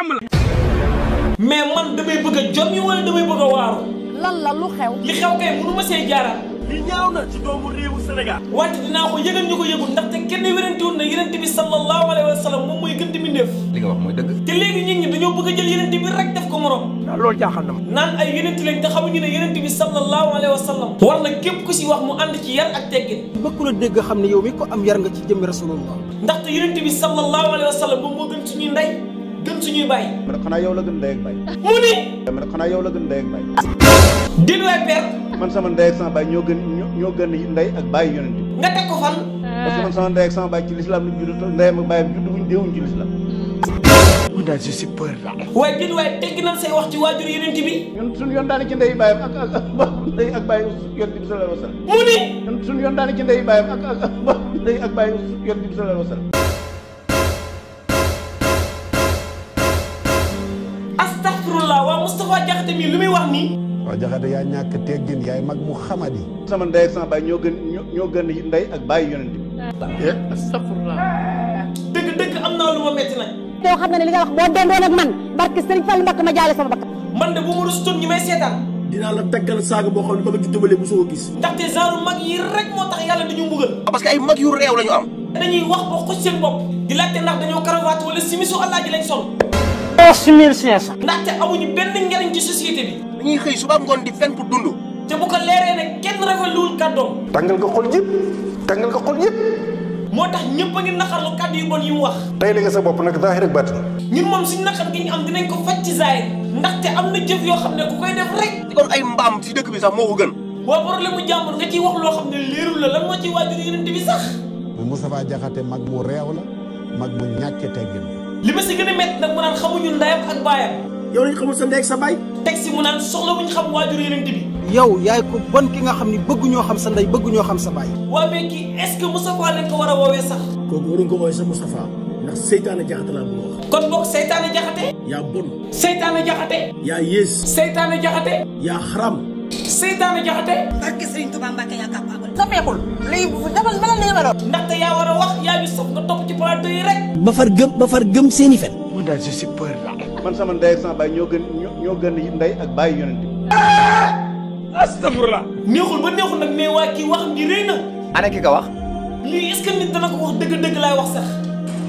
jàmm la. mais man damay bëgg a jom yi wala damay bëgg a waaru. lan lu xew. li xew kay mënu ma see jaaraat. li ñaaw na ci doomu réewu Sénégal. wante dinaa ko yëgal ñu ko yëgul ndaxte kenn wérantewul na yonent bi moom mooy gën di mbindéef. li nga wax mooy dëgg. te léegi nit ñi dañoo bëgg a jël yonent bi rek def ko morom. waaw loolu jaaxal na ma. naan ay yonent lañ te xamuñu ne yonent bi sallallahu alayhi wa war na képp ku si wax mu ànd ci yar ak teggin. ba dégg xam ne yow mi ko am yar nga ci jëmmi rasulullah. ndaxte yonent bi sallallahu alayhi wa sallam moom moo suñuy baay. man xanaa yow la gën ndey ak baay. mu ni. man xanaa yow la gën ndey ak baay. din waay père. man sama ndey ak sama baay ñoo gën ñoo gën ndey ak baay yonent bi. nga teg ko fan. parce que man sama ndey ak sama baay ci lislaam lu judd ndeyam ak baayam judd buñ deewuñ ci lislaam. man daal je suis peur là. waaye din waay teggi nañ say wax ci waajur yonent bi. ñun suñu yoon daal ci ndey baayam ak ak ak ndey ak baay yonent bi sallallahu alayhi wa sallam. mu ni. ñun suñu yoon daal ci ndey baayam ak ak ak ndey ak baay yonent bi sallallahu alayhi wa sallam. Moustapha Diakhaté mii lu muy wax nii. waaw Diakhaté ñoo gën ñoo gën ndey ak bàyyi yonent bi. Eh, astafurlah. dëgg dëgg am naa lu ma metti nag. yow xam na ne li nga wax boo dendoon ak man barke Serigne Fall Mbacke ma jaale sama bakk. man de bu ma rusutoon ñu may seetaan. dinaa la teggal saaga boo xam ne ba nga juddubalee bu soo gis. ndaxte genre mag yi rek moo tax yàlla dañu mbugal. Ah, parce que ay mag yu réew la am. dañuy wax ba xoj bopp. di laajte ndax dañoo cravate wala simisu àllaaji lañ sol. onze mille cinq cent ndaxte amuñu benn njariñ ci société bi dañuy xëy suba ngoon di fen pour dund te bu ko leeree ne kenn rafetluwul kàddoom tàngal nga xol yëpp tàngal nga xol yëpp moo tax ñëpp a ngi naqarlu kàddu yu moom suñu naqar gi ñu am dinañ ko faj ci zaahir ndaxte am na jëf yoo xam ne ku koy def rek di doon ay mbaam si dëkk bi sax moo ko gën waa problème mu jàmbur nga ciy wax loo la mag mu réew la mu li ma si gën a métti nag mu naan xamuñu ndayam ak baayam. yow lañ xamul sa ndey ak sa baay. teg si mu naan soxla wuñ xam waajur yeneen bi yow yaay ko bon ki nga xam ni bëgguñoo xam sa ndey bëgguñoo xam sa baay. waa kii est-ce que Moustapha lañ ko war a woowee sax. kooku waruñ ko woowee sa Moustapha ndax seytaane jaxate laa bëgg a wax. kon boog seytaane jaxate. yaa bon. seytaane jaxate. yaa yées. seytaane jaxate. yaa xaram. seytaane jaxate. barke Serigne a wax yaa topp ci plateau yi ya, rek. ba far gëm ba far gëm seeni fen. man daal je suis peur là. man sama ndey sama baay ñoo gën ñoo gën ndey ak baay yonent bi. Eh! astafurlah. neexul ba neexul nag mais waa kii wax di rëy na. ana ki ko wax. lii est-ce que nit dana ko wax dëgg-dëgg laay wax sax.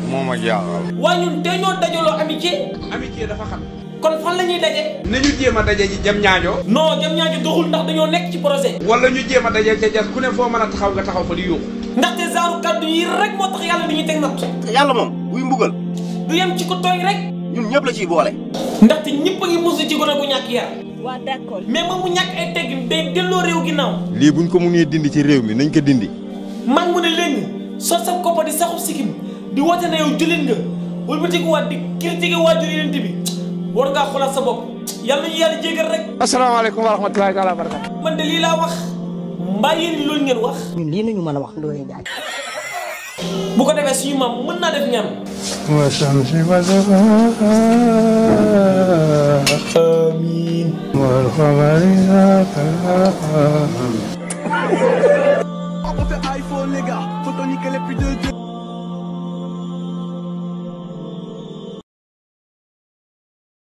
moo ma jaaxal. Ya. waa ñun tey ñoo dajaloo amitié. amitié dafa xam. kon fan la ñuy nañu jéem a daje jëm ñaajo. non jëm ñaajo doxul ndax dañoo nekk ci projet. wala ñu jéem a daje ca jas ku ne foo mën a taxaw nga taxaw fa di yuuxu. ndaxte genre kaddu yi rek moo tax yàlla dañuy teg natt. yàlla moom buy mbugal. du yem ci ko tooñ rek. ñun ñëpp la ciy boole. ndaxte ñëpp a ngi musu ci gone bu ñàkk yar. waaw moom mu ñàkk ay teggin day delloo réew ginnaaw. lii buñ ko mënee dindi ci réew mi nañ ko dindi. man mu ne léegi soo sa koppa di saxub sikkim di woote na yow jullit nga wëlbatiku waat di critiqué waajur yeneen bi war ngaa xoolaat sa bopp yàlla ñu yàlla jégal rek. asalaamaaleykum wa rahmatulaahi wa mbaa yéen loolu ngeen wax. ñun lii nañu mën a wax Ndoye Ndiaye. bu ko defee suñu maam mën naa def ñam. wasamsi wasaba. amiin. wal xamari zaaka.